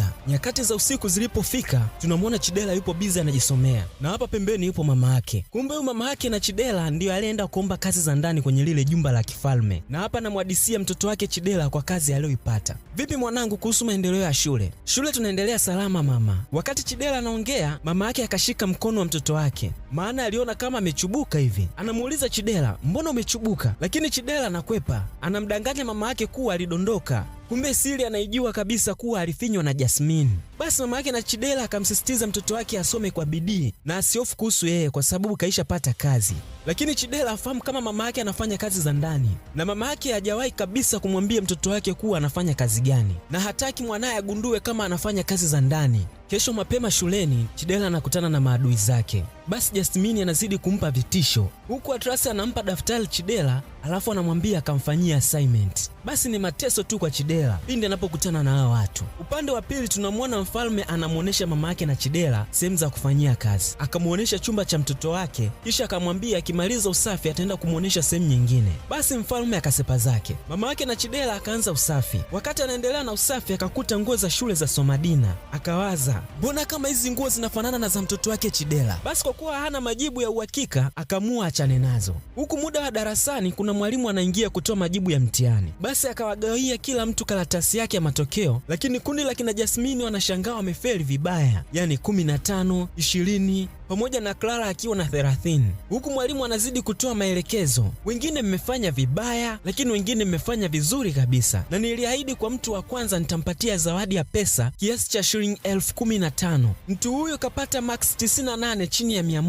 kufika. Nyakati za usiku zilipofika, tunamwona Chidela yupo biza anajisomea, na hapa pembeni yupo mama yake. Kumbe huyu mama yake na Chidela ndiyo alienda kuomba kazi za ndani kwenye lile jumba la kifalme, na hapa anamwadisia mtoto wake Chidela kwa kazi aliyoipata. Vipi mwanangu, kuhusu maendeleo ya shule? Shule tunaendelea salama mama. Wakati Chidela anaongea, mama yake akashika mkono wa mtoto wake, maana aliona kama amechubuka hivi. Anamuuliza Chidela, mbona umechubuka? Lakini Chidela anakwepa, anamdanganya mama yake kuwa alidondoka Kumbe siri anaijua kabisa kuwa alifinywa na Jasmine. Basi mama yake na Chidela akamsisitiza mtoto wake asome kwa bidii na asiofu kuhusu yeye kwa sababu kaishapata kazi. Lakini Chidela afahamu kama mama yake anafanya kazi za ndani, na mama yake hajawahi kabisa kumwambia mtoto wake kuwa anafanya kazi gani, na hataki mwanaye agundue kama anafanya kazi za ndani. Kesho mapema shuleni, Chidela anakutana na maadui zake. Basi Jasmine anazidi kumpa vitisho, huku Atrasi anampa daftari Chidela, alafu anamwambia akamfanyia assignment. Basi ni mateso tu kwa Chidela pindi anapokutana na hao watu. Upande wa pili, tunamwona mfalme anamwonyesha mama yake na Chidela sehemu za kufanyia kazi, akamwonyesha chumba cha mtoto wake, kisha akamwambia akimaliza usafi ataenda kumwonyesha sehemu nyingine. Basi mfalme akasepa zake, mama yake na Chidera akaanza usafi. Wakati anaendelea na usafi, akakuta nguo za shule za Somadina. Akawaza, mbona kama hizi nguo zinafanana na za mtoto wake chidela Basi kwa kuwa hana majibu ya uhakika, akamua achane nazo. Huku muda wa darasani, kuna mwalimu anaingia kutoa majibu ya mtihani. Basi akawagawia kila mtu karatasi yake ya matokeo, lakini kundi la kina Jasmini wanashangaa wamefeli vibaya, yani 15, 20 pamoja na Clara akiwa na 30 huku mwalimu wanazidi kutoa maelekezo. Wengine mmefanya vibaya, lakini wengine mmefanya vizuri kabisa, na niliahidi kwa mtu wa kwanza nitampatia zawadi ya pesa kiasi cha shilingi elfu kumi na tano. Mtu huyo kapata max 98 chini ya mia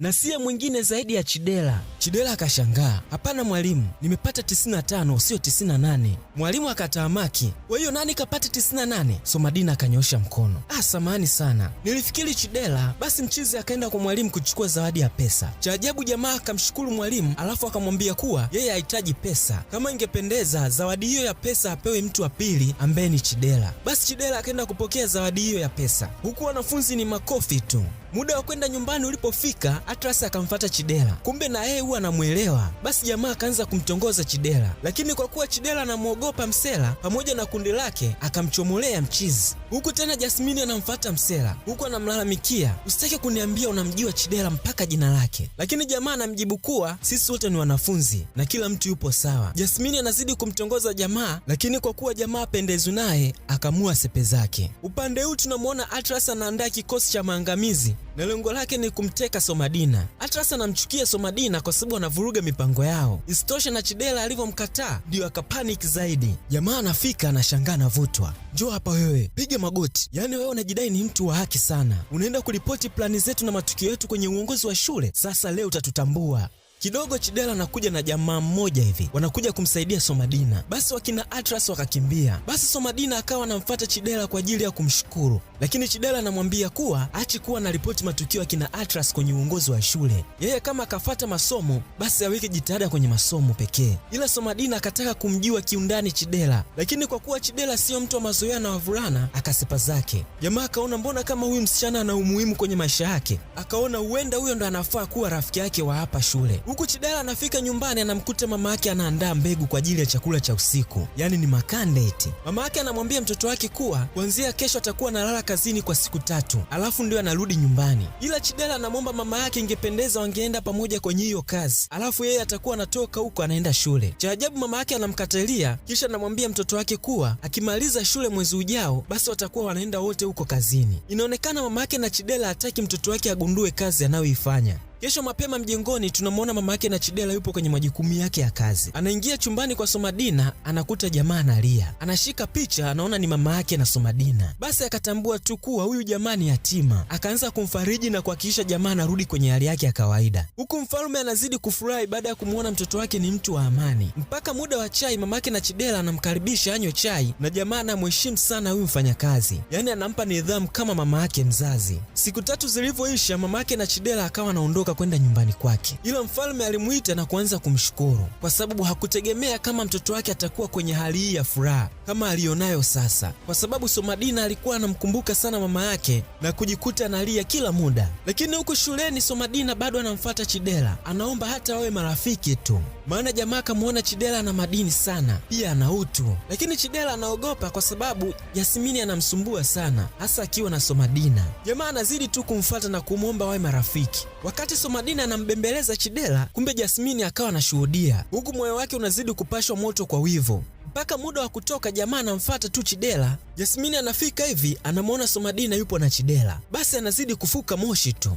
na siye mwingine zaidi ya Chidela. Chidela akashangaa, hapana mwalimu, nimepata 95 sio 98. Mwalimu akataamaki, kwa hiyo nani kapata 98? Somadina akanyosha mkono. Ah, samahani sana, nilifikiri Chidela. Basi mchizi akaenda kwa mwalimu kuchukua zawadi ya pesa. Cha ajabu jamaa Juma akamshukuru mwalimu, alafu akamwambia kuwa yeye hahitaji pesa, kama ingependeza zawadi hiyo ya pesa apewe mtu wa pili ambaye ni Chidela. Basi Chidela akaenda kupokea zawadi hiyo ya pesa, huku wanafunzi ni makofi tu. Muda wa kwenda nyumbani ulipofika, Atlas akamfata Chidela, kumbe na yeye huwa anamwelewa. Basi jamaa akaanza kumtongoza Chidela, lakini kwa kuwa Chidela anamwogopa Msela pamoja na kundi lake, akamchomolea mchizi. Huku tena Jasmini anamfata Msela, huku anamlalamikia, usitaki kuniambia unamjua Chidela mpaka jina lake, lakini jamaa anamjibu kuwa sisi wote ni wanafunzi na kila mtu yupo sawa. Jasmini anazidi kumtongoza jamaa, lakini kwa kuwa jamaa apendezwi naye, akamua sepe zake. Upande huu tunamwona Atlas anaandaa kikosi cha maangamizi na lengo lake ni kumteka Somadina. Atlas anamchukia Somadina kwa sababu anavuruga mipango yao. Isitoshe na Chidela alivyomkataa ndiyo akapanic zaidi. Jamaa anafika anashangaa, anavutwa, njoo hapa wewe, piga magoti. Yaani wewe unajidai ni mtu wa haki sana, unaenda kuripoti plani zetu na matukio yetu kwenye uongozi wa shule. Sasa leo utatutambua. Kidogo Chidela anakuja na jamaa mmoja hivi, wanakuja kumsaidia Somadina. Basi wakina Atlas wakakimbia, basi Somadina akawa anamfata Chidela kwa ajili ya kumshukuru, lakini Chidela anamwambia kuwa achi kuwa na ripoti matukio akina Atlas kwenye uongozi wa shule, yeye kama akafata masomo basi aweke jitihada kwenye masomo pekee. Ila Somadina akataka kumjua kiundani Chidela, lakini kwa kuwa Chidela siyo mtu wa mazoea na wavulana, akasepa zake. Jamaa akaona mbona kama huyu msichana ana umuhimu kwenye maisha yake, akaona huenda huyo ndo anafaa kuwa rafiki yake wa hapa shule. Huku Chidala anafika nyumbani anamkuta mama yake anaandaa mbegu kwa ajili ya chakula cha usiku, yaani ni makande eti. Mama yake anamwambia mtoto wake kuwa kuanzia kesho atakuwa analala kazini kwa siku tatu, alafu ndio anarudi nyumbani. Ila Chidala anamwomba mama yake ingependeza wangeenda pamoja kwenye hiyo kazi, alafu yeye atakuwa anatoka huko anaenda shule. Cha ajabu mama yake anamkatalia, kisha anamwambia mtoto wake kuwa akimaliza shule mwezi ujao, basi watakuwa wanaenda wote huko kazini. Inaonekana mama yake na Chidela hataki mtoto wake agundue kazi anayoifanya. Kesho mapema mjengoni tunamwona mama yake na Chidela yupo kwenye majukumu yake ya kazi. Anaingia chumbani kwa Somadina, anakuta jamaa analia. Anashika picha, anaona ni mama yake na Somadina. Basi akatambua tu kuwa huyu jamaa ni yatima, akaanza kumfariji na kuhakikisha jamaa anarudi kwenye hali yake ya kawaida, huku mfalme anazidi kufurahi baada ya kumwona mtoto wake ni mtu wa amani. Mpaka muda wa chai, mama yake na Chidela anamkaribisha anywe chai, na jamaa anamheshimu sana huyu mfanyakazi, yaani anampa nidhamu kama mama yake mzazi. Siku tatu zilivyoisha, mama yake na Chidela akawa anaondoka akageuka kwenda nyumbani kwake, ila mfalme alimuita na kuanza kumshukuru kwa sababu hakutegemea kama mtoto wake atakuwa kwenye hali hii ya furaha kama aliyonayo sasa, kwa sababu Somadina alikuwa anamkumbuka sana mama yake na kujikuta analia kila muda. Lakini huko shuleni Somadina bado anamfata Chidela, anaomba hata wawe marafiki tu, maana jamaa akamwona Chidela ana madini sana, pia ana utu. Lakini Chidela anaogopa kwa sababu Yasmini anamsumbua sana, hasa akiwa na Somadina. Jamaa anazidi tu kumfata na kumwomba wawe marafiki wakati Liso Madina anambembeleza Chidela, kumbe Jasmini akawa anashuhudia, huku moyo wake unazidi kupashwa moto kwa wivu. Mpaka muda wa kutoka, jamaa anamfuata tu Chidela. Jasmini anafika hivi, anamwona Somadina yupo na Chidela, basi anazidi kufuka moshi tu.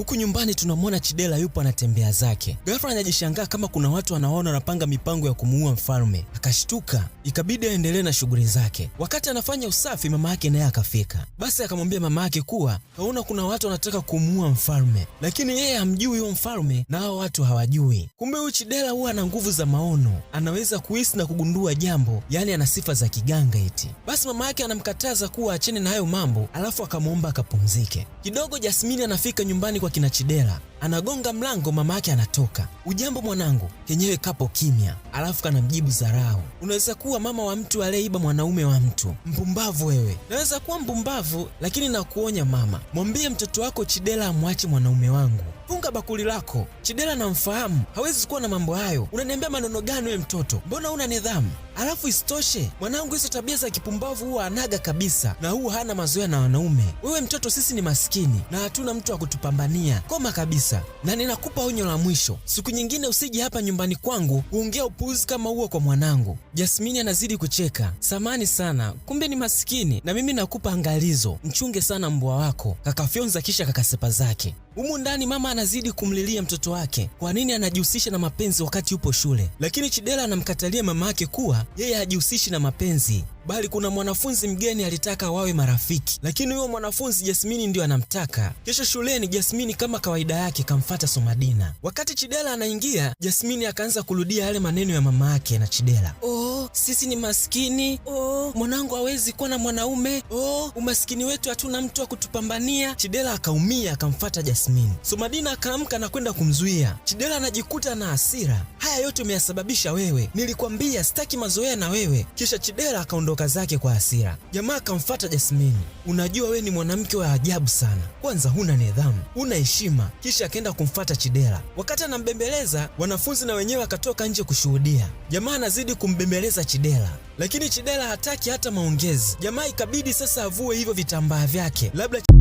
Huku nyumbani tunamwona Chidela yupo anatembea zake. Ghafla anajishangaa kama kuna watu anaona wanapanga mipango ya kumuua mfalme. Akashtuka, ikabidi aendelee na shughuli zake. Wakati anafanya usafi, mama yake naye akafika. Basi akamwambia mama yake kuwa kaona kuna watu wanataka kumuua mfalme, lakini yeye hamjui huyo mfalme na hao watu hawajui. Kumbe huyu Chidela huwa ana nguvu za maono, anaweza kuhisi na kugundua jambo, yaani ana sifa za kiganga eti. Basi mama yake anamkataza kuwa achene na hayo mambo, alafu akamwomba akapumzike kidogo. Jasmini anafika nyumbani kwa kina Chidela anagonga mlango, mama yake anatoka, ujambo mwanangu, kenyewe kapo kimya, alafu mjibu zarau, unaweza kuwa mama wa mtu aliyeiba mwanaume wa mtu, mpumbavu wewe. Naweza kuwa mpumbavu, lakini nakuonya mama, mwambie mtoto wako Chidela amwache mwanaume wangu funga bakuli lako. Chidela namfahamu, hawezi kuwa na mambo hayo. Unaniambia maneno gani wewe mtoto? Mbona una nidhamu? Alafu isitoshe mwanangu, hizo tabia za kipumbavu huwa anaga kabisa, na huwa hana mazoea na wanaume. Wewe mtoto, sisi ni maskini na hatuna mtu wa kutupambania. Koma kabisa, na ninakupa onyo la mwisho, siku nyingine usije hapa nyumbani kwangu kuongea upuuzi kama huo kwa mwanangu. Jasmini anazidi kucheka. Samani sana, kumbe ni maskini. Na mimi nakupa angalizo, mchunge sana mbwa wako. Kakafyonza kisha kakasepa zake. Humu ndani mama anazidi kumlilia mtoto wake, kwa nini anajihusisha na mapenzi wakati yupo shule? Lakini chidela anamkatalia mama yake kuwa yeye hajihusishi na mapenzi bali kuna mwanafunzi mgeni alitaka wawe marafiki, lakini huyo mwanafunzi Jasmini ndiyo anamtaka. Kisha shuleni, Jasmini kama kawaida yake kamfata Somadina. Wakati Chidela anaingia, Jasmini akaanza kurudia yale maneno ya mama yake na Chidela. Oh, sisi ni maskini. Oh, mwanangu hawezi kuwa na mwanaume. Oh, umaskini wetu hatuna mtu wa kutupambania. Chidela akaumia, akamfata Jasmini. Somadina akaamka na kwenda kumzuia Chidela. Anajikuta na hasira, haya yote umeyasababisha wewe, nilikwambia sitaki mazoea na wewe. Kisha Chidela akaondoka akaondoka zake kwa hasira. Jamaa akamfuata Jasmine, unajua we ni mwanamke wa ajabu sana, kwanza huna nidhamu, huna heshima. Kisha akaenda kumfuata Chidera. Wakati anambembeleza, wanafunzi na wenyewe akatoka nje kushuhudia. Jamaa anazidi kumbembeleza Chidera, lakini Chidera hataki hata maongezi. Jamaa ikabidi sasa avue hivyo vitambaa vyake, labda